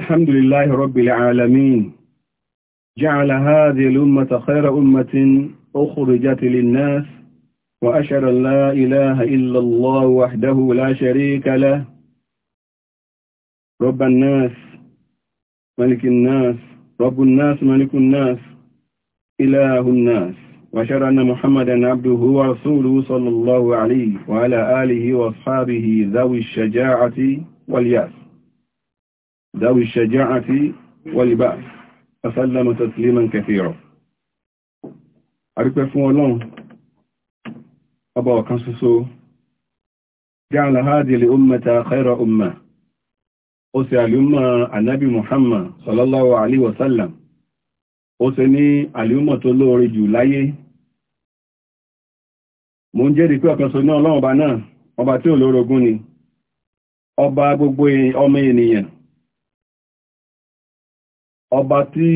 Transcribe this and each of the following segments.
الحمد لله رب العالمين جعل هذه الأمة خير أمة أخرجت للناس وأشهد أن لا إله إلا الله وحده لا شريك له رب الناس ملك الناس رب الناس ملك الناس إله الناس وأشهد أن محمدا عبده ورسوله صلى الله عليه وعلى آله وأصحابه ذوي الشجاعة واليأس ذوي الشجاعة والبأس فسلم تسليما كثيرا أريد فون الله أبا كنسسو جعل هذه الأمة خير أمة أسي الأمة النبي محمد صلى الله عليه وسلم أسي ني الأمة تلوري جولاي mo ń jẹ́rìí pé ọ̀kan ṣoṣo náà ọlọ́run ọba náà ọba tí ò lórogún ni ọba gbogbo ọmọ ènìyàn ọba tí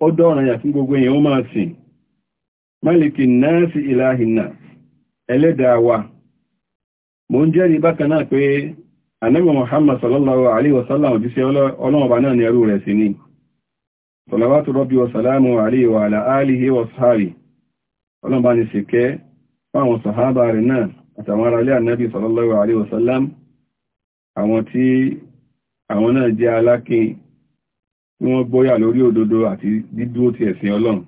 ó dọ́ràn yà fún gbogbo èèyàn ó máa sìn málìkì náà sí ìlàhìnà ẹlẹ́dàá wa mo ń jẹ́rìí bákan náà pé ànábì Muhammad sallallahu alaihi wasallam jíṣẹ́ ọlọ́ọ̀bá náà ni ẹrú rẹ̀ sí ni salawatu rabbi wa salamu alaihi wa ala alihi wa sahabi ọlọ́ọ̀bá ni sì kẹ́ fáwọn sàhábà rẹ̀ náà àtàwọn ará ilé ànábì sallallahu tí wọ́n gbóyà lórí òdodo àti dídúó ti ẹ̀sìn ọlọ́run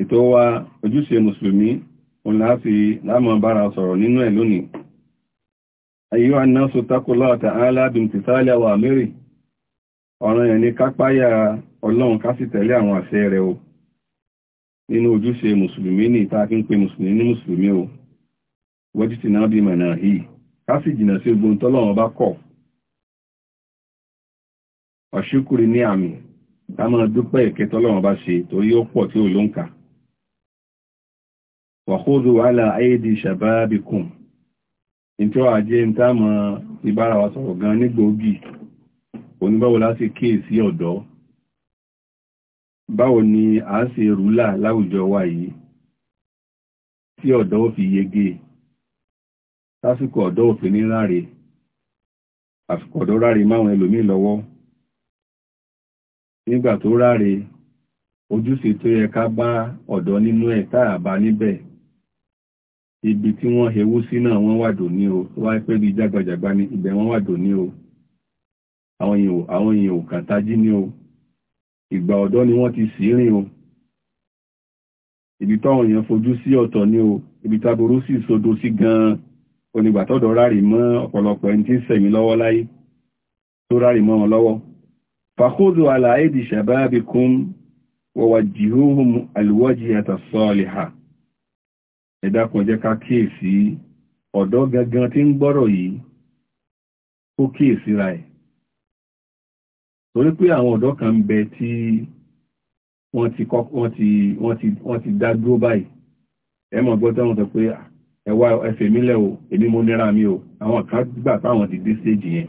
ètò wa ojúṣe mùsùlùmí òun láti lámọ̀ bára sọ̀rọ̀ nínú ẹ̀ lónìí ayíwá náà so tákùlọ́ àtàhálà dùmtìtàlẹ̀ wà mẹ́rì ọ̀ràn ẹ̀ ní kápáyà ọlọ́run ká sì tẹ̀lé àwọn àṣẹ rẹ̀ o nínú ojúṣe mùsùlùmí ní ìta fi ń pe mùsùlùmí ní mùsùlùmí o wọ́jú ti náà bí mọ̀nà yìí ká sì jìnà sí bá kọ̀ ọ̀ṣúkùrì ní àmì ká máa dúpẹ́ ìkẹtọ́ lọ́wọ́ bá ṣe torí ó pọ̀ tí ò ló ń kà wàhóòdù wàhálà ayédi ṣàbábìkùn ìjọ àjẹ́ ìtàmọ̀ ìbára wa sọ̀rọ̀ gan nígbòógì oníbáwo láti kíè sí ọ̀dọ́ báwo ni a ṣe rúlà láwùjọ wa yìí tí ọ̀dọ́ fi yege lásìkò ọ̀dọ́ ò ní ráre àsìkò ọ̀dọ́ ráre máwọn ẹlòmíì lọ́wọ́ nígbà tó ráre ojúṣe tó yẹ ká bá ọ̀dọ́ nínú ẹ̀ táà bá níbẹ̀ ibi tí wọ́n hewú sí náà wọ́n wà dò ní o tó wáyé pé bí jágbajàgba ní ibẹ̀ wọ́n wà dò ní o àwọn èèyàn ò ní o ìgbà ọ̀dọ́ ni wọ́n ti sì rìn o ibi táwọn èèyàn fojú sí ọ̀tọ̀ ní o ibi taburú sì sodo sí gan-an onígbà tọ́dọ̀ ráre mọ́ ọ̀pọ̀lọpọ̀ ẹni tí ń sẹ̀yìn lọ́wọ́ láyé tó ráre mọ́ wọn lọ́wọ́ fàkóòdù àlàáìdì ṣàbábìkún wọ̀wàjìhóhùn alìwọ́jì àtàsọ́ọ̀lìhà ẹ̀dàkùnjẹ́ ká kíyèsí ọ̀dọ́ gangan tí ń gbọ́rọ̀ yìí ó kíyèsí ra ẹ̀ torí pé àwọn ọ̀dọ́ kan ń bẹ tí wọ́n ti wọ́n ti dá dúró báyìí ẹ mọ̀ gbọ́ tẹ́wọ̀n sọ pé ẹwà ẹfẹ̀mílẹ̀ o èmi mo nira mi o àwọn kan gbà táwọn ti dé stage yẹn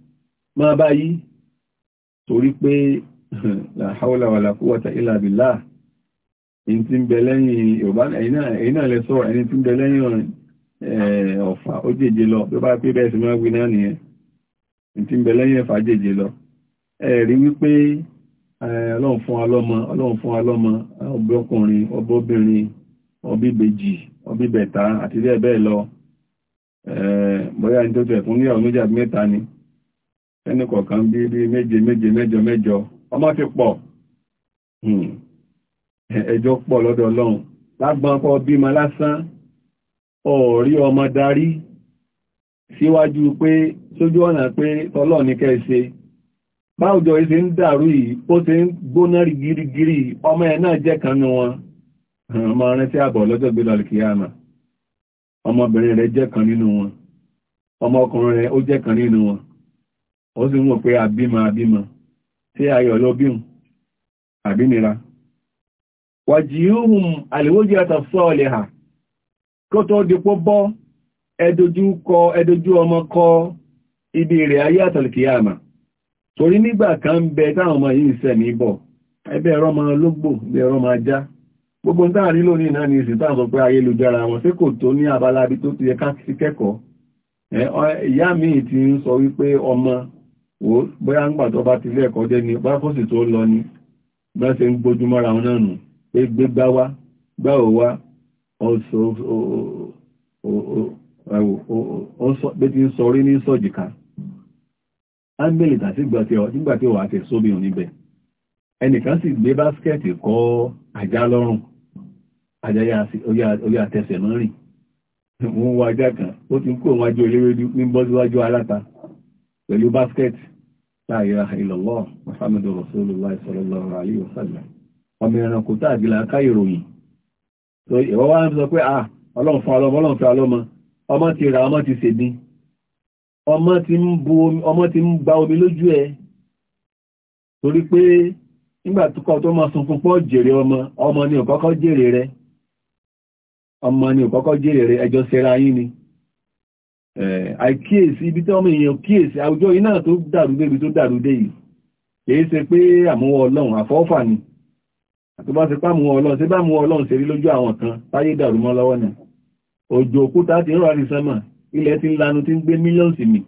máa bá yí torí pé la hawla wala quwwata illa billah ẹni tí ń bẹ lẹ́yìn yorùbá ẹ̀yìn náà lẹ sọ ẹni tí ń bẹ lẹ́yìn eh, ọ̀fà ó jèjì lọ bí ó bá pé bẹ́ẹ̀ sí máa gbin náà nìyẹn ẹni tí ń bẹ lẹ́yìn ẹ̀fà jèjì lọ ẹ̀rí wípé eh, ọlọ́run fún wa ẹni kan bí bí méje méje mẹ́jọ mẹ́jọ ọmọ ti pọ̀ hmm. ẹjọ́ pọ̀ lọ́dọ̀ ọlọ́run lágbọ́n kọ́ bímọ lásán ọ̀rí ọmọ darí síwájú pé sójú ọ̀nà pé ọlọ́run ní kẹ́ẹ̀ṣe báwùjọ ìṣe ń dàrú yìí ó ti ń gbóná gírígírí ọmọ ẹ̀ náà jẹ́ kan hmm, ọmọ kan nínú wọn ó sì ń wò pé àbímọ àbímọ tí ayọ̀ lọ bíun àbínira wàjíhùn àlèwójí àtàfọ́ ọ̀lẹ̀ hà kó tó dípò bọ́ ẹdojú kọ ọmọ kọ ibi rẹ̀ ayé àmà. torí nígbà kan ń bẹ táwọn ọmọ yìí sẹ̀ ní bọ̀ ẹbẹ́ ẹ̀rọ lógbò ẹ̀rọ gbogbo táàrí lónìí náà ni ìsìn táà pé ayélujára wọn sí kò tó ní abala tó ti yẹ ká sí kẹ́kọ̀ọ́ ìyá wípé ọmọ wo bóyá ń gbàtọ́ bá ti ilé ẹ̀kọ́ dé ni bá fọ́sì tó lọ ni bá ṣe ń gbójú mọ́ra wọn náà nù pé gbé gbá wá gbá ò wá pé ti ń sọ orí ní sọ̀jìká ángẹ́lì tàbí nígbà tí wàá ti sómi ò níbẹ̀ ẹnìkan sì gbé báskẹ́ẹ̀tì kọ́ ajá lọ́rùn kan ó ti ń kó wọn ajá oléré ní la ilaha illallah muhammadur rasulullah sallallahu alayhi wa sallam ọmọ ẹranko tàbí làákà ìròyìn tó ìwọ́ wá ń sọ pé à ah, ọlọ́run fún ọlọ́mọ ọlọ́run fún ọlọ́mọ ọmọ ti ra ọmọ ti sèdí ọmọ ti ń gba omi lójú ẹ torí pé nígbà tó kọ́ tó máa sun fún jèrè ọmọ ọmọ ni ò kọ́kọ́ jèrè rẹ ọmọ ni ò kọ́kọ́ jèrè rẹ ẹjọ́ sẹ́ra yín ni àìkíyèsí eh, ibi tí ọmọ èèyàn kíyèsí àwùjọ yìí náà tó dàrú débi tó dàrú dé yìí kìí ṣe pé àmúwọ ọlọ́run àfọ́fà ni àti bá se pá àmúwọ ọlọ́run se bá àmúwọ ọlọ́run ṣe rí lójú àwọn kan táyé dàrú mọ́ lọ́wọ́ náà òjò òkúta ti ń rọrí sánmà ilẹ̀ ti ń lanu ti ń gbé mílíọ̀nsì mì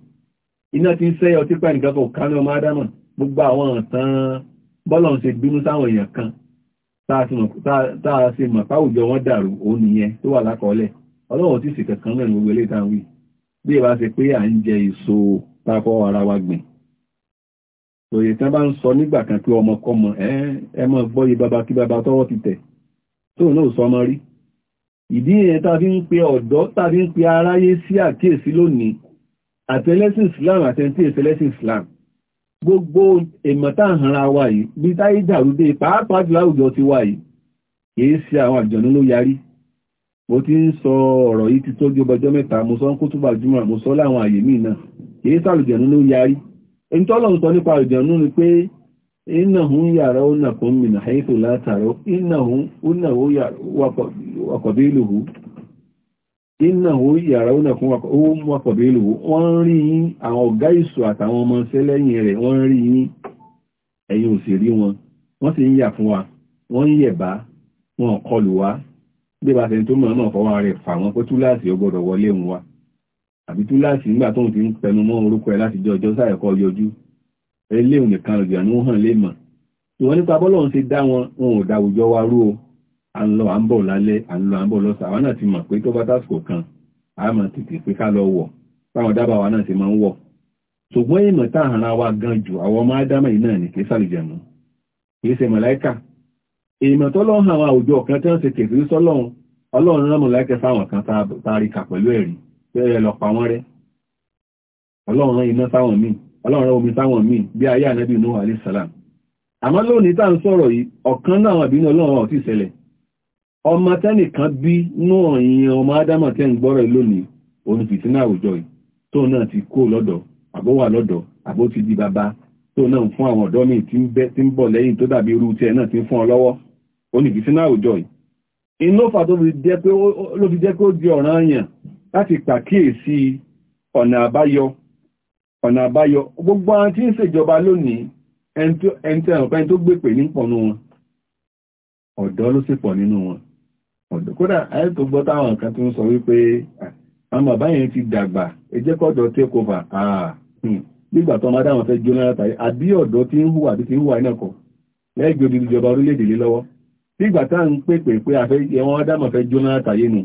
iná ti ń sẹ́yọ tí pẹ̀lú kankan kan ní ọmọ ádámà gbogbo àwọn ọ̀tàn bọ́lọ̀n ṣe bínú sáwọn èèyàn kan tá a ṣe mọ̀ páwùjọ wọn dàrú òun nìyẹn tó wà lákọọ́lẹ̀ ọlọ́run ti sì kankan náà ní gbogbo eléyìí táwọn wí bí ìbá ṣe pé à ń jẹ èso pápọ̀ ara wa gbìn òye tán bá ń sọ nígbà kan pé ọmọkọmọ ẹ mọ gbọ́yé bàbá kí bàbá tọ́wọ́ ti tẹ̀ tó náà sọ ọmọ rí ìdí yẹn tàbí ń pe ọ̀dọ́ tàbí ń pe aráyé sí àkíyèsí lónìí àtẹlẹ́sìn Islam àtẹntí ìfẹlẹ́sìn Islam gbogbo èmọ̀tá àhànra wa yìí bí táyé dàrúdé pàápàá jùlọ àwùjọ ti wa yìí kìí ṣe àwọn àjọ̀nú ló yarí mo ti ń sọ ọ̀rọ̀ yìí ti tó bí ọbọjọ́ mẹ́ta mo sọ ń kó túbà júmọ̀ mo sọ láwọn àyè míì náà kìí sàlùjẹ̀nú ló yarí ẹni tọ́lọ̀ ń sọ nípa àlùjẹ̀nú ni pé innahum yarawna yara min haythu la taraw innahum innahu wa qabiluhu innahu yarawna kum wa qabiluhu wọ́n rí yín àwọn ọ̀gá àtàwọn ọmọ lẹ́yìn rẹ̀ wọ́n rí yín ẹ̀yin wọn wọ́n sì ń wa wọ́n ń yẹ̀bá wọn kọlù wa bí bá ṣe tó mọ̀ náà fọwọ́ rẹ̀ fà wọ́n pé túláàsì ó gbọ́dọ̀ wọlé òun wa àbí túláàsì nígbà tóun ti ń pẹnu mọ́ orúkọ ẹ̀ láti jọjọ́ sáyẹ̀kọ́ yọjú eléhùn nìkan ọ̀gbìn àánú hàn lè mọ̀ ìwọ́n nípa bọ́lọ́run ṣe dá wọn wọn ò dáwùjọ wa rú o à ń lọ à ń bọ̀ lálẹ́ à ń lọ à ń bọ̀ lọ́sà àwọn náà ti mọ̀ pé tó bá tásìkò kan a máa tètè pé ká lọ wọ̀ báwọn dábàá wa náà ṣe máa ń wọ̀ ṣùgbọ́n ìmọ̀ tá àhàrà wa gan jù àwọn ọmọ ádámà yìí náà ní kí sàlùjẹ̀mú kì í ṣe mọ̀láìkà èèmọ̀ tọ́lọ́run àwọn àwùjọ kan tí wọ́n ṣe kèfì ní sọ́lọ́run ọlọ́run rán mọ̀láìkẹ́ sáwọn kan tàríkà pẹ̀lú ẹ̀rí bẹ́ẹ̀ lọ pa wọ́n rẹ́ ọlọ́run rán iná sáwọn míì ọlọ́run rán omi sáwọn míì bí ayé ànábì Nuhu alayhi salam àmọ́ lónìí tá ń sọ̀rọ̀ yìí ọ̀kan náà àwọn àbínú ọlọ́run ọ̀tí ìṣẹ̀lẹ̀ ọmọ tẹ́nìkan bí nú ọ̀yìn ọmọ ádámọ̀ tẹ́ ń gbọ́rọ̀ lónìí òun fìtínà àwùjọ yìí tóun náà ti kó lọ́dọ̀ àbó wà lọ́dọ̀ àbó ti di bàbá tóun náà ń fún àwọn ọ̀dọ́ míì tí ń bọ̀ lẹ́yìn tó dàbí irú tiẹ̀ náà ti ń fún ọ lọ́wọ́ olùdísí náà àwùjọ yìí iná fà tó ló fi jẹ́ pé ó di ọ̀ràn yàn láti pàkíyèsí ọ̀nà àbáyọ ọ̀nà àbáyọ gbogbo àwọn tí ń ṣèjọba lónìí ẹni tí àwọn ọ̀pẹ́ni tó gbé pè ní pọ̀nú wọn ọ̀dọ́ ló sì pọ̀ nínú wọn ọ̀dọ́ kódà ayé tó gbọ́ táwọn kan tó ń sọ wípé àwọn bàbá ti dàgbà ẹjẹ́ kọ́dọ̀ take over nígbà tó máa dáwọn fẹ́ jóná látàrí àbí ọ̀dọ́ tí ń hùwà àbí tí ń hùwà iná kọ lẹ́gbẹ̀ẹ́ ìjọba orílẹ̀-èdè lé lọ́wọ́ tí ìgbà tá ń pèpè pé ẹwọ́n Ádámà fẹ́ jóná látàyé nù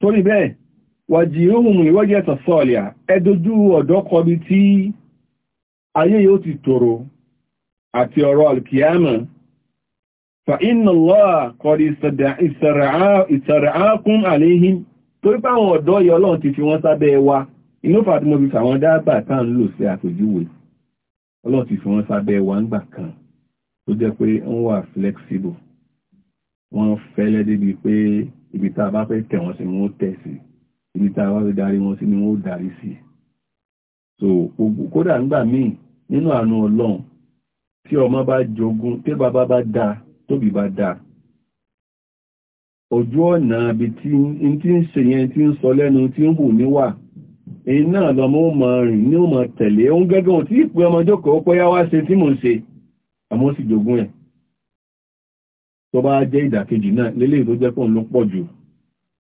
torí bẹ́ẹ̀ wà jì ohun ìwọ́jẹ́ sọ̀sọ́ọ̀lẹ̀ ẹdójú ọ̀dọ́ kọbi tí ayé yóò ti tòrò àti ọ̀rọ̀ alkiyama fa inna Allah kọ̀dí ìsàràákún àléhìn torí páwọn ọ̀dọ́ yọ ọlọ́run ti fi wọ́n sábẹ́ wa inú fàtímọ̀ fi fàwọn dábà tá ń lò sí àpèjúwe ọlọ́run ti fi wọ́n sábẹ́ wa ń gbà kan tó jẹ́ pé ń wà flexible wọ́n fẹ́lẹ́ débi pé ibi tá a bá fẹ́ tẹ̀ wọ́n sí ni wọ́n tẹ̀ sí ibi tá a bá fẹ́ darí wọn sí ni wọ́n darí sí so gbogbo kódà nígbà míì nínú àánú ọlọ́run tí ọmọ bá jogún tí bàbá bá dá tóbi bá dá ojú ọ̀nà bí tí ń ṣe yẹn tí ń sọ lẹ́nu tí ń hù níwà iná lọmọ mọ rìn ní ó tẹ̀lé oún gẹ́gẹ́ tí ìpé ọmọ jókòó pẹ́yá wá ṣe tí mò ń ṣe àmọ́ sì jogún ẹ̀ tó bá jẹ́ ìdàkejì náà lélẹ̀ tó jẹ́ pọ̀ ló pọ̀ jù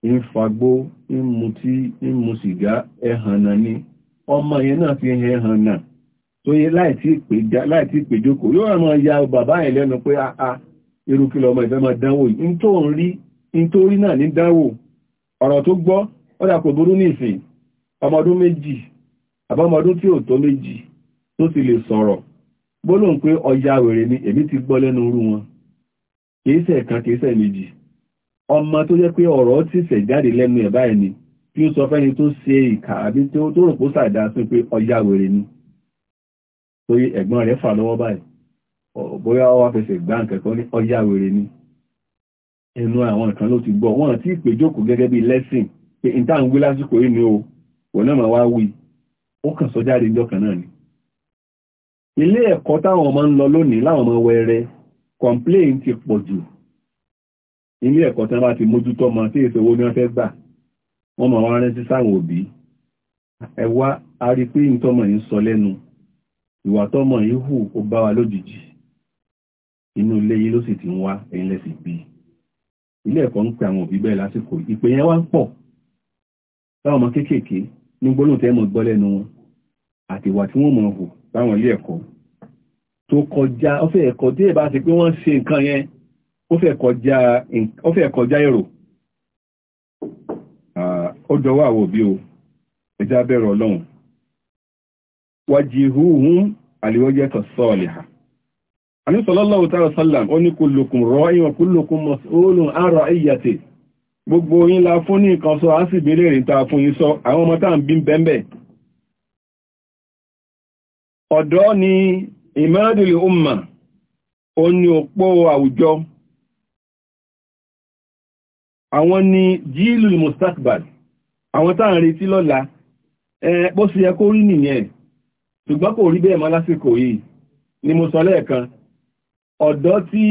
ń fagbó ń mutí ń mu sìgá ẹ̀hànnà ni ọmọ yẹn náà ti ẹ̀hànnà tó yẹ láìtí ìpèjókò yóò rán mọ́ ya bàbá ẹ̀ lẹ́nu pé àà ah, ah, irú kí lọ́mọ ìfẹ́ máa dánwò yìí ń tó rí ń tó rí náà ní dánwò ọ̀rọ̀ lè sọ̀rọ̀ gbólóhùn pé ọya wèrè ni èmi ti gbọ́ lẹ́nu orú wọn kan kìíṣẹ́ méjì ọmọ tó jẹ́ pé ọ̀rọ̀ ti sẹ̀ jáde lẹ́nu ẹ̀ ni tí ó sọ fẹ́ni tó ṣe ìkà àbí tó rò pó sàdá sí pé wèrè ni torí ẹ̀gbọ́n rẹ̀ fà lọ́wọ́ báyìí bóyá wá fẹsẹ̀ gbá ti wọn o ni ilé ẹ̀kọ́ táwọn ọmọ ń lọ lónìí láwọn ọmọ wẹrẹ complain ti pọ̀ jù ilé ẹ̀kọ́ tán bá ti mójútó ọmọ tí èso owó ní wọ́n fẹ́ gbà wọ́n mọ̀ wọ́n rẹ́ sí sáwọn òbí ẹ̀wá a rí pé ìtọ́mọ̀ yìí sọ lẹ́nu ìwà tọ́mọ̀ yìí hù ó bá wa lójijì inú ilé yìí ló sì ti ń wá ẹ̀yìn lẹ́sìn bí ilé ẹ̀kọ́ ń pe àwọn òbí bẹ́ẹ̀ lásìkò ìpè yẹn wá ń pọ̀ láwọn ọmọ kéékèèké ní gbólóhùn tẹ́ mọ̀ gbọ́ lẹ́nu wọn àtìwà tí wọ́n mọ̀ hù láwọn ilé ẹ̀kọ́ tó kọjá ó ẹ̀kọ́ tí ti pé wọ́n ṣe nǹkan yẹn ọfẹ́ fẹ́ èrò ó dọwọ́ àwọ̀ bí o ẹjá bẹ̀rù ọlọ́run wàjìhúhún tọ̀ ha. sálàm ó ní rọ́ ìwọ̀n ìyàtẹ̀ gbogbo yín la fún ní nǹkan sọ á sì fún yín sọ àwọn ọmọ táà ń bí bẹ́ẹ̀ ọ̀dọ́ ni ìmọ́rẹ̀dìlì umma ó ní òpó àwùjọ àwọn ni jíìlù mustakbal àwọn tá à ń retí lọ́la bó ṣe yẹ rí nìyẹn ṣùgbọ́n kò rí bẹ́ẹ̀ mọ́ lásìkò yìí ni mo sọ lẹ́ẹ̀kan ọ̀dọ́ tí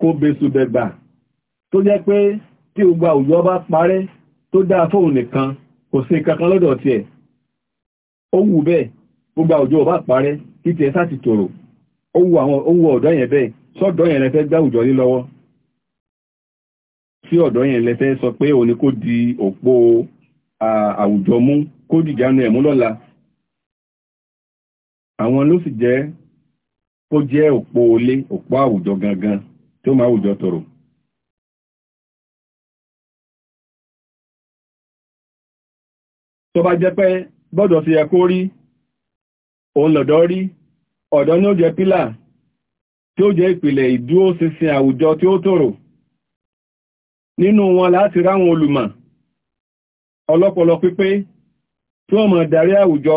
kò bèṣù bẹ̀gbà tó jẹ́ pé tí gbogbo àwùjọ bá parẹ́ tó dáa fóun nìkan kò sí kankan lọ́dọ̀ tiẹ̀ ó wù bẹ́ẹ̀ gbogbo àwùjọ ọba parẹ́ títí ẹsá ti tòrò owó ọ̀dọ́ yẹn bẹ́ẹ̀ sọ́dọ̀ yẹn lẹ́fẹ́ gbá àwùjọ lọ́wọ́ sí ọ̀dọ́ yẹn lẹ́fẹ́ sọ pé òun ni kó di òpó àwùjọ mú kó dìjánu ẹ̀mú lọ́la àwọn ló sì jẹ́ kó jẹ́ òpó olé òpó àwùjọ gangan tó máa àwùjọ tòrò tó bá jẹ́ pé bọ́dọ̀ sí ẹ kó rí òun lọ̀dọ́ rí ọ̀dọ́ ni ó jẹ́ pílà tí ó jẹ́ ìpìlẹ̀ ìdúróṣinṣin àwùjọ tí ó tòrò nínú wọn láti ráwọn olùmọ̀ ọlọ́pọlọ pípé tí wọ́n mọ̀ darí àwùjọ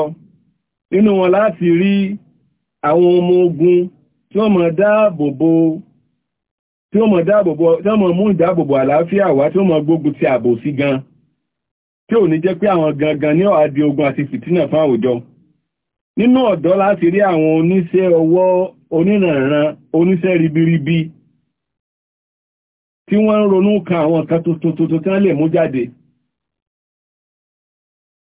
nínú wọn láti rí àwọn ọmọ ogun tí wọ́n mọ̀ dáàbòbò tí wọ́n mọ̀ dáàbòbò tí wọ́n mọ̀ mú ìdáàbòbò àlàáfíà wá tí wọ́n mọ̀ gbógun ti àbòsí gan tí ò ní jẹ́ pé àwọn gangan ní ọ̀hádìí ogun àti fìtínà fún àwùjọ nínú ọ̀dọ́ láti rí àwọn oníṣẹ́ ọwọ́ onírànran oníṣẹ́ ribiribi tí wọ́n ń ronú kan àwọn nǹkan tuntun tuntun tí wọ́n lè mú jáde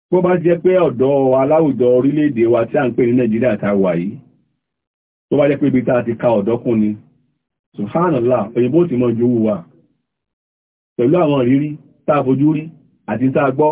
bó bá jẹ́ pé ọ̀dọ́ aláwùjọ orílẹ̀-èdè wa tí a ń pè ní Nàìjíríà tá wà yìí tó bá jẹ́ pé ibi tá ti ka ọ̀dọ́kùn ni subhanallah òyìnbó ti mọ jowú wa pẹ̀lú àwọn ìrírí tá a fojú rí àti tá a gbọ́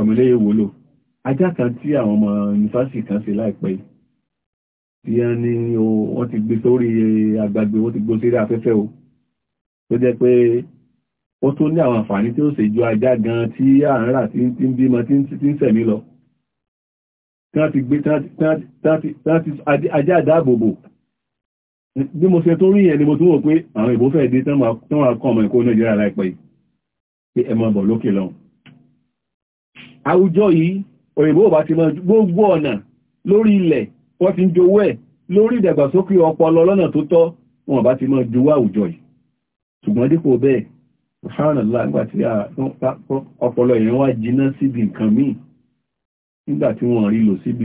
ọmọléyè wúlò ajá kan tí àwọn ọmọ yunifásitì kan ṣe láìpẹ́ tí wọ́n ní wọ́n ti gbé sórí agbègbè wọ́n ti gbó sórí afẹ́fẹ́ o tó jẹ́ pé ó tó ní àwọn àǹfààní tí ó ṣe ju ajá gan tí à ń rà tí ń bímọ tí ń sẹ̀mí lọ ajá àdáàbòbò bí mo ṣe tó rí ẹni mo tún wò pé àwọn ìbò fẹ́ dé tán máa kọ́ ọmọ ìkó Nàìjíríà láìpẹ́ yìí pé ẹ máa bọ̀ lókè lọ́hùn àwùjọ yìí òyìnbó bá ti mọ gbogbo ọ̀nà lórí ilẹ̀ wọ́n ti ń jowó ẹ̀ lórí ìdàgbàsókè ọpọlọ lọ́nà tó tọ́ wọn bá ti mọ jowó àwùjọ yìí ṣùgbọ́n dípò bẹ́ẹ̀ ṣáàrànlá nígbà tí ọpọlọ èèyàn wá jiná síbi nǹkan míì nígbà tí wọ́n rí lò síbi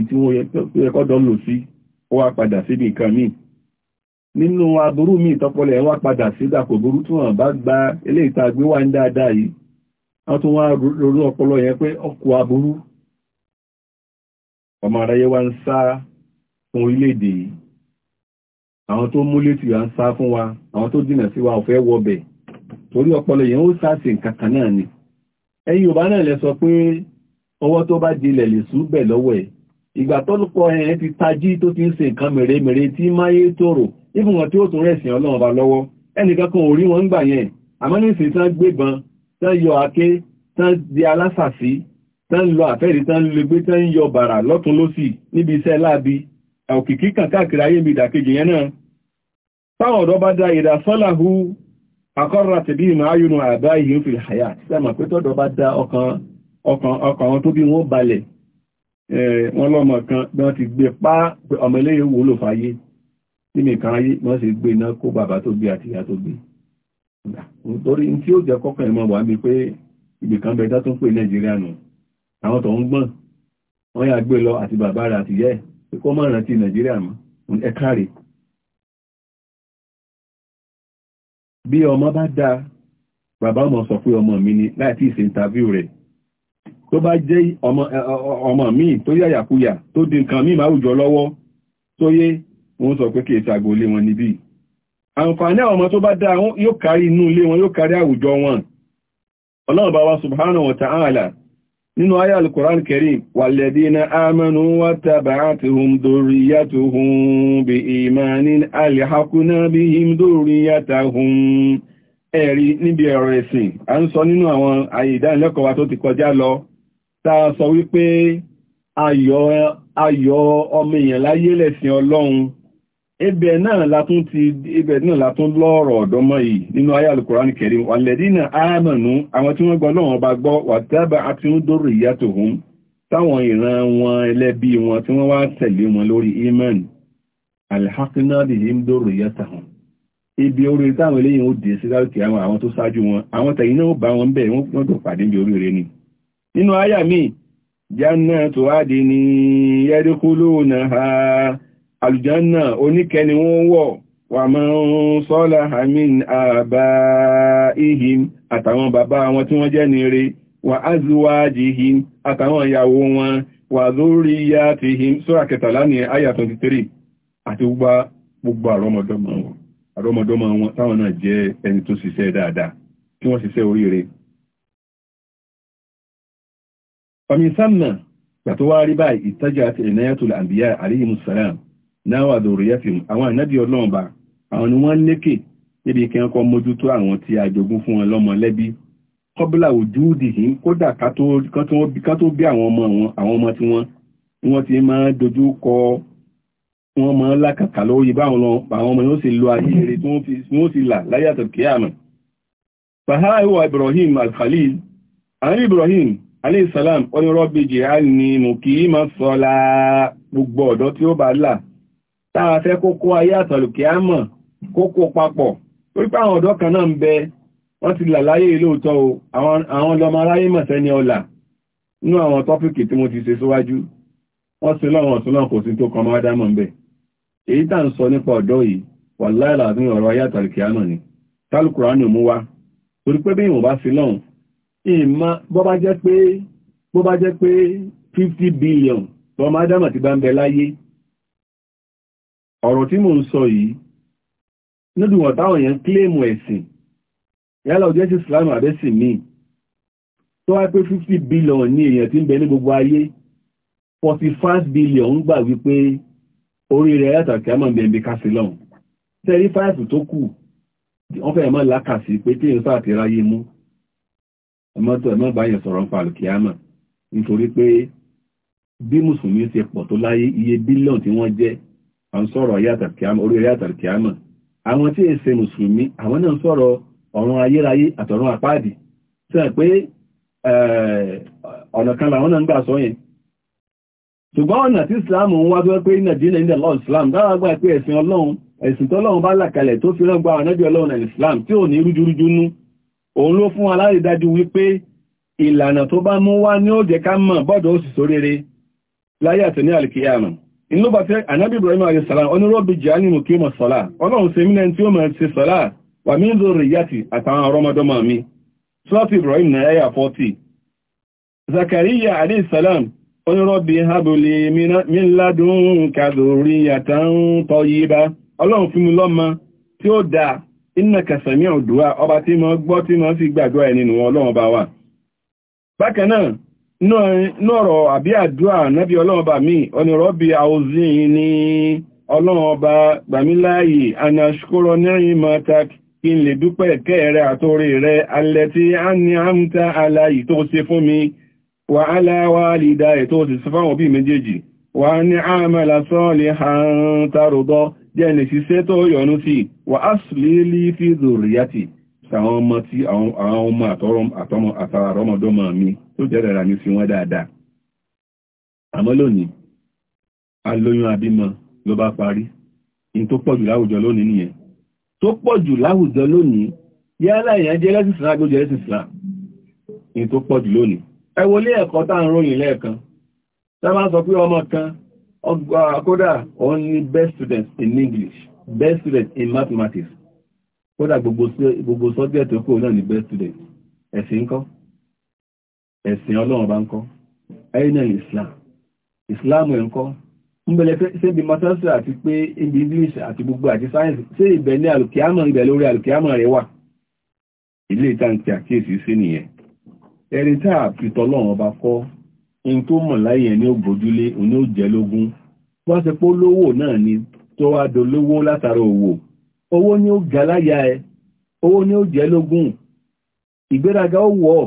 wọ́n tún wá lórí ọpọlọ yẹn pé ọkọ̀ aburú ọmọ aráyé wa ń sá fún orílẹ̀-èdè yìí àwọn tó múlé tí ń fún wa àwọn tó dìnà sí wa ò fẹ́ torí ọpọlọ yẹn ó sáàsì nǹkan kan náà ni ẹ̀yin Yorùbá náà lẹ pé ọwọ́ tó bá dilẹ̀ ti ti ti tán yọ àké tán di alásàsí tán lọ àfẹ́rí tán lẹgbẹ́ tán yọ bàrà lọ́tún lọ́sì níbi iṣẹ́ láabi òkìkí kan káàkiri ayé mi ìdàkejì yẹn náà táwọn ọ̀dọ́ bá dá ìdá sọ́làhú akọ́rọ̀ tẹ̀bí ìmọ̀ ayúnu àbá ìhìn fi àyà tí a mọ̀ pé tọ́dọ̀ bá dá ọkàn ọkàn tó bí wọ́n balẹ̀ wọ́n lọ́mọ kan bí ti gbé pá ọmọ eléyìí wúlò fáyé nínú ìkan ayé wọ́n sì gbé iná kó bàbá tó gbé àtìyá tó gbé torí tí ó jẹ́ kọ́kọ́ ẹ̀mọ́ wà ní pé ibìkan bẹ̀dá tó ń pè nàìjíríà nù àwọn tó ń gbọ́n wọ́n yà gbé lọ àti bàbá rẹ̀ àti yẹ́ pé kọ́ mọ̀ràn ti nàìjíríà mọ́ bí ọmọ bá mi ni láti rẹ̀ tó bá jẹ́ ọmọ mi tó yàyàkuyà tó di nǹkan míì máa wùjọ lọ́wọ́ tó yé sọ pé wọn níbí àǹfààní àwọn ọmọ tó bá dáa yóò kárí inú ilé wọn yóò kárí àwùjọ wọn ọlọ́run bá wa subhanahu wa ta'ala nínú ayé al-Qur'an Karim walladhina amanu wattaba'athum dhurriyyatuhum bi'imanin alhaqna bihim dhurriyyatahum ẹ̀rí níbi ọ̀rọ̀ ẹ̀sìn a ń sọ nínú àwọn àyè ìdánilẹ́kọ̀ọ́ wa tó ti kọjá lọ tá sọ wípé ayọ̀ ọmọ èèyàn láyé lẹ̀sìn ọlọ́run ibẹ̀ náà látún ti ibẹ̀ náà látún lọ́rọ̀ ọ̀dọ́mọ́ yìí nínú ayé alukùránì kẹrin wàlẹ̀dínà ámànú àwọn tí wọ́n gbọ́ lọ́wọ́n bá gbọ́ wàtábà àti ń dórò ìyá tòun táwọn ìran wọn ẹlẹ́bí wọn tí wọ́n wá tẹ̀lé wọn lórí iman alhakinadi ń dórò ìyá àlùjánà oníkẹni wọ́n wọ̀ wà máa ń sọ́lá hamin àbá ihim àtàwọn bàbá wọn tí wọ́n jẹ́ rí, wà azuwajihim àtàwọn ìyàwó wọn wà lórí ya ti him sọ́rà kẹtàlá ní àyà 23 àti gbogbo àrọmọdọ́mọ wọn táwọn náà jẹ́ ẹni tó dáadáa tí wọ́n oríire fàmìsánà báyìí ìtajà àti ìnáyàtò àbíyà náwà dòròyẹ́fì àwọn ànábì ọlọ́run bá àwọn ni wọ́n lékè níbi kí wọ́n kọ́ mójútó àwọn tí a jogún fún wọn lọ́mọ lẹ́bí kọ́bílà ojú dìhì kódà ká tó bí àwọn ọmọ wọn àwọn ọmọ tí wọ́n tí wọ́n ti máa dojú kọ wọ́n máa lákàkà lórí báwọn lọ àwọn ọmọ yóò sì lo ayé eré tí wọ́n sì là láyàtọ̀ kíyàmù fàhálà Ibrahim al-Khalil àwọn Ibrahim alayhi salam onírọ́bìjì á ní mùkí máa sọ́lá gbogbo ọ̀dọ́ tí ó bá là táwa fẹ́ kókó ayé àtàlùkì àmọ̀ kókó papọ̀ torí pé àwọn ọ̀dọ́ kan náà ń bẹ wọ́n ti là láyé lóòótọ́ o àwọn ọlọ́mọ aráyé mọ̀ sẹ́ni ọlà nínú àwọn tọ́pìkì tí mo ti ṣe síwájú wọ́n sí lọ́wọ́n ọ̀tún ni tálùkùránì ò mú wá torí pé bí ìwọ̀n bá sí lọ́hùn ìmọ̀ 50 billion lọ́mọ adámọ̀ ti bá ń bẹ láyé ọ̀rọ̀ tí mò ń sọ yìí nídùn wọ̀n táwọn èèyàn kílèmù ẹ̀sìn yálà ó sí Islam àbẹ́sìn míì tó wá pé 50 billion ní èèyàn tí ń bẹ ní gbogbo ayé 45 billion ń gbà wípé orí rẹ̀ yàtàkì àmọ́ bẹ̀m̀bẹ̀ kásìlọ́n tẹ́rí 5 tó kù wọ́n fẹ́ mọ́ lákàsí pé tí èèyàn sáà ti ráyé mú ẹmọ́tọ̀ ẹmọ́ bá yẹn sọ̀rọ̀ ń pa àlùkìyàmọ̀ nítorí pé bí mùsùlùmí ṣe pọ̀ tó láyé iye bílíọ̀n tí wọ́n jẹ́ wọ́n ń sọ̀rọ̀ ayé àtàkìámọ̀ orí ayé àtàkìámọ̀ àwọn tí èsè mùsùlùmí àwọn náà ń sọ̀rọ̀ ọ̀run ayérayé àtọ̀run àpáàdì tí wọ́n pé ọ̀nà kan làwọn náà ń gbà sọ yẹn ṣùgbọ́n ọ̀nà tí islam ń wá tó pé nàìjíríà ilẹ̀ lọ islam dára gbà pé ẹ̀sìn ọlọ́run ẹ̀sìn islam tí ò ní rújúrújú nú òun ló fún alárídájú wípé ìlànà tó bá mú wá ní ó ká mọ̀ bọ́dọ̀ ó sì sóréré láyé àti ní àlìkíyàmù inú Anabi ànábì Ibrahim àyẹ̀sàlá onírọ́bì jàánì mú kí mọ̀ sọ́lá ọlọ́run sí mílẹ̀ tí ó mọ̀ sí sọ́lá wà mí ń zòrò àtàwọn mi sọ́ọ̀tì Ibrahim na ẹ̀yà 40 Zakariya àdéhìsàlám onírọ́bì habuli min ladun kadhurriyatan tayyiba ọlọ́run fún mi lọ́mọ tí ó ọba tí gbọ́ tí sì gbàdúrà ọlọ́run nọ́rọ̀ àbí àdúrà nábí ọlọ́ọ̀bà mi ọ̀nìrọ́bì àwòzín ní ọlọ́ọ̀bà gbàmíláyè anàṣkúrọ̀ nírìn matak kí n lè dúpẹ́ kẹ́ rẹ àtórí rẹ alẹ́ tí a ní àmúta aláyì tó ṣe fún mi wà aláwà lìdá ètò òṣìṣẹ́ fáwọn òbí méjèèjì wà ní àmàlà sọ́ọ̀lì àǹtaròdọ́ jẹ́ ní ṣiṣẹ́ tó mi tó jẹ́ rẹ̀rà ní sí wọn dáadáa àmọ́ lónìí alóyún abímọ ló bá parí in tó pọ̀jù láwùjọ lónìí nìyẹn tó pọ̀jù láwùjọ lónìí yálà Islam gbójẹ́ Islam in tó pọ̀jù lónìí ẹ wọlé ẹ̀kọ́ tá ń ròyìn lẹ́ẹ̀kan tá best student in English best student in mathematics kódà gbogbo subject tó kò náà ni best student ẹ̀sìn kan ẹ̀sìn ọlọ́run bá ń kọ́ ẹ̀yìn islam islam ẹ̀ ń kọ́ ń bẹ̀lẹ̀ ṣe bí matasa àti pé ibi english àti gbogbo àti science ṣe ibẹ̀ ní alùkíámọ̀ ibẹ̀ lórí alùkíámọ̀ rẹ̀ wà ilé ìtàǹtì àkíyèsí sí nìyẹn ẹni tá a fi tọ́lọ́run ọba kọ́ in tó mọ̀ láyé ní ògbójúlé òní ó jẹ́ lógún wọ́n ṣe pé olówó náà ni tó wá dolówó látara òwò owó ni ó ga láyà ẹ owó ni ó jẹ́ lógún ìgbéraga ó wọ̀ ọ́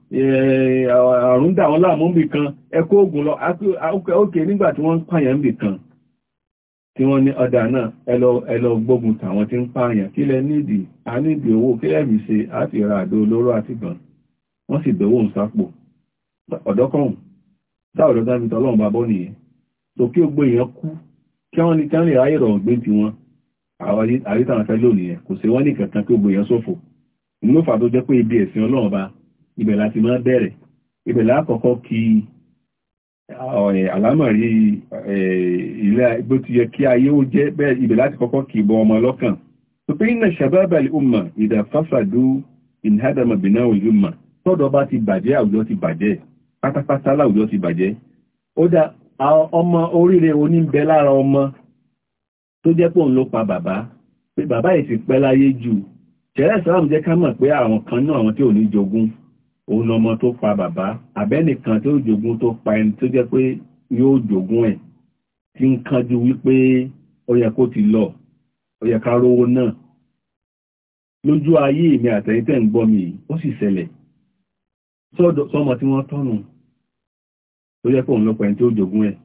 Eh, àrùn dà wọ́n láàmú bì kan ẹkọ́ ogun lọ ókè nígbà tí wọ́n ń pààyàn bì kan tí wọ́n ní ọdá náà ẹlọ gbógun tàwọn tí ń pààyàn kí lẹ a nídi owó kí lẹ́bì ṣe àti ra àdó olóró àti gan wọ́n sì dẹ̀wò ń sápò ọ̀dọ́kọ̀hùn sáwọ̀dọ́ dábì tọ́lọ́run bá bọ́ nìyẹn tó kí gbogbo èèyàn kú kí wọ́n ní kánlẹ̀ ráyè gbé ti wọn àrítàwọn kò sí wọ́n ní kankan kí èèyàn ìlú ibi ẹ̀sìn ọlọ́run ibẹ̀ láti máa bẹ̀rẹ̀ ibẹ̀ lákọ̀ọ́kọ́ kí eh, àlámọ̀rí eh, ilé bó ti yẹ kí ayé ó jẹ́ bẹ́ẹ̀ ibẹ̀ láti kọ́kọ́ kí ìbọn ọmọ lọ́kàn tó pé iná ṣàbábà ìhùmà ìdàfáfàdú ìhádàmà bìnà ìhùmà tọ́dọ̀ bá ti bàjẹ́ àwùjọ ti bàjẹ́ pátápátá láwùjọ ti bàjẹ́ ó dá ọmọ oríire oníbẹ lára ọmọ tó jẹ́ pé òun ló pa bàbá pé bàbá yìí ti pẹ́ láyé jù ṣẹlẹ̀ sáà jẹ́ ká mọ̀ pé àwọn kan náà àwọn tí ò ní jogún òun lọmọ tó pa bàbá àbẹ́nìkan tó jogún tó pa ẹni tó jẹ́ pé yóò jogún ẹ̀ tí ń kánjú wípé ó yẹ kó ti lọ ó yẹ ká rówó náà lójú ayé mi àtẹ̀yìntẹ̀ ń gbọ́ mi ó sì ṣẹlẹ̀ sọ́mọ tí wọ́n tọ́nu tó jẹ́ pé òun lọ́pọ̀ ẹni tó jogún ẹ̀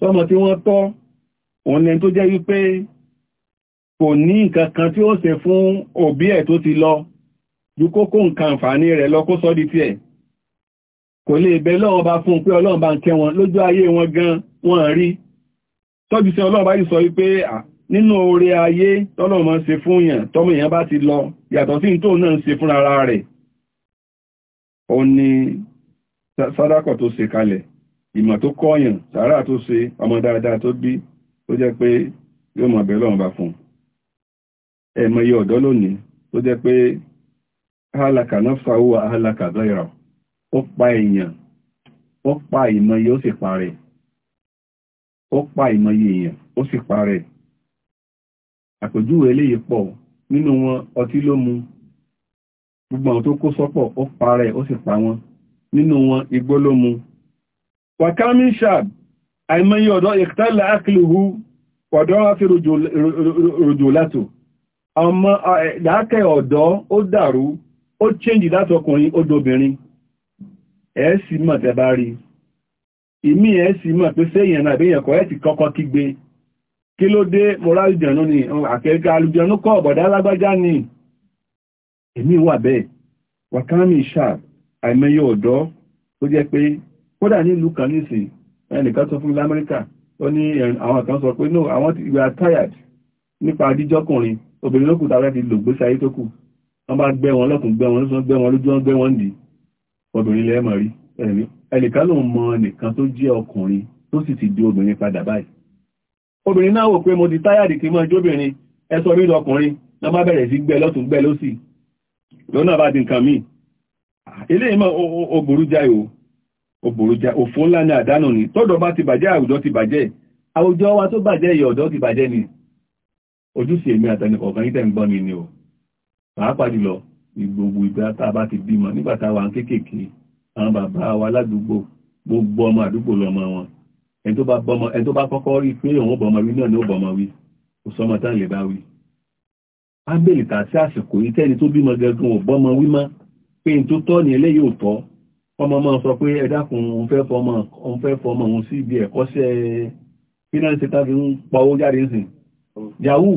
sọ́mọ tí wọ́n tọ́ òun lẹ́ni tó jẹ́ wípé kò ní nǹkan kan tí ó ṣe fún òbí ẹ̀ tó ti lọ ju kókó nǹkan àǹfààní rẹ̀ lọ kó sọ́dí tí ẹ̀ kò lè bẹ lọ́wọ́ bá fún pé ọlọ́run bá ń kẹ́ wọn lójú ayé wọn gan wọn rí tọ́jú sí ọlọ́run bá yìí sọ wípé nínú oore ayé tọ́lọ́run máa ń ṣe fún yàn tọ́mọ èèyàn bá ti lọ yàtọ̀ sí tóun náà ń ṣe fúnra ara rẹ̀ ó ní sádàkọ̀ tó ṣe kalẹ̀ ìmọ̀ tó kọ́yàn sàárà tó ṣe ọmọ dáadáa tó bí tó jẹ́ pé yóò mọ̀ bẹ́ẹ̀ lọ́run bá fún ẹ̀mọ̀ iye ọ̀dọ́ lónìí tó jẹ́ pé hálàkà nọ́fà wà hálàkà zọ́ìrà ó pa èèyàn ó pa ìmọye ó sì parẹ́ ó pa ìmọye èèyàn ó sì parẹ́ àpèjúwe eléyìí pọ̀ nínú wọn ọtí ló mu gbogbo àwọn tó kó sọ́pọ̀ ó parẹ́ ó sì pa wọn nínú wọn igbó ló mu wàkámi shab àìmọye ọ̀dọ́ ìkítàlá akílùú ọ̀dọ́ fi rojò látò ọmọ dákẹ́ ọ̀dọ́ ó dàrú ó change látọkùnrin ó dobìnrin ẹ̀ sì mọ̀ tẹ́ bá rí ìmí ẹ̀ sì mọ̀ pé séèyàn náà àbí èèyàn kọ́ ẹ̀ ti kọ́kọ́ kígbe kí ló dé moral jẹ̀nú ni àkẹ́kẹ́ alùjẹ̀nú kọ́ ọ̀bọ̀dá alágbájá ni èmi wà bẹ́ẹ̀ wàkánì sharp àìmọye ọ̀dọ́ ó jẹ́ pé kódà nílùú kan nísìn ẹnìkan sọ fún lamẹ́ríkà ó ní àwọn kan sọ pé no àwọn ti we are tired nípa adíjọ́kùnrin obìnrin lókùtà rẹ̀ ti lògbésí ayé tó kù wọ́n bá gbẹ́ wọn lọ́kùn gbẹ́ wọn lọ́sán gbẹ́ wọn lójú wọn gbẹ́ wọn dì obìnrin lẹ́ẹ̀mà rí ẹnìkan ló mọ nìkan tó jẹ́ ọkùnrin tó sì ti di obìnrin padà báyìí obìnrin náà wò pé mo ti táyàdì kí mọ́ jóbìnrin ẹ sọ rí lọkùnrin náà má bẹ̀rẹ̀ sí gbẹ́ lọ́tún gbẹ́ lọ́sì lọ́nà bá di nǹkan míì eléyìí mọ́ ó burú o ó burú jáì òfò ńlá ní àdánù ni tọ́dọ̀ bá ti bàjẹ́ àwùjọ ti bàjẹ́ àwùjọ wa tó bàjẹ́ ìyọ̀dọ̀ ti bàjẹ́ ni ojúṣe èmi àtẹnìkọ̀ọ̀kan yìí tẹ̀ ń gbọ́ mi ni o pàápàá jùlọ gbogbo ìgbà tá a bá ti bímọ nígbà tá a wà ń kéékèèké àwọn bàbá wa ládùúgbò gbogbo ọmọ àdúgbò lọmọ wọn ẹni tó bá kọ́kọ́ rí pé òun bọ̀mọ̀ wí náà ni ó bọ̀mọ̀ wí kò sọmọ tán lè bá wí ábẹ́lì tàbí àsìkò yìí tẹ́ni tó bímọ gẹ́gùn ò bọ́mọ wí mọ́ pé n tó tọ́ ní eléyìí ò tọ́ ọmọ máa sọ pé ẹ dákun òun fẹ́ fọmọ òun sí ibi ẹ̀kọ́ṣẹ́ finance tàbí ń pa owó jáde ń sìn yahoo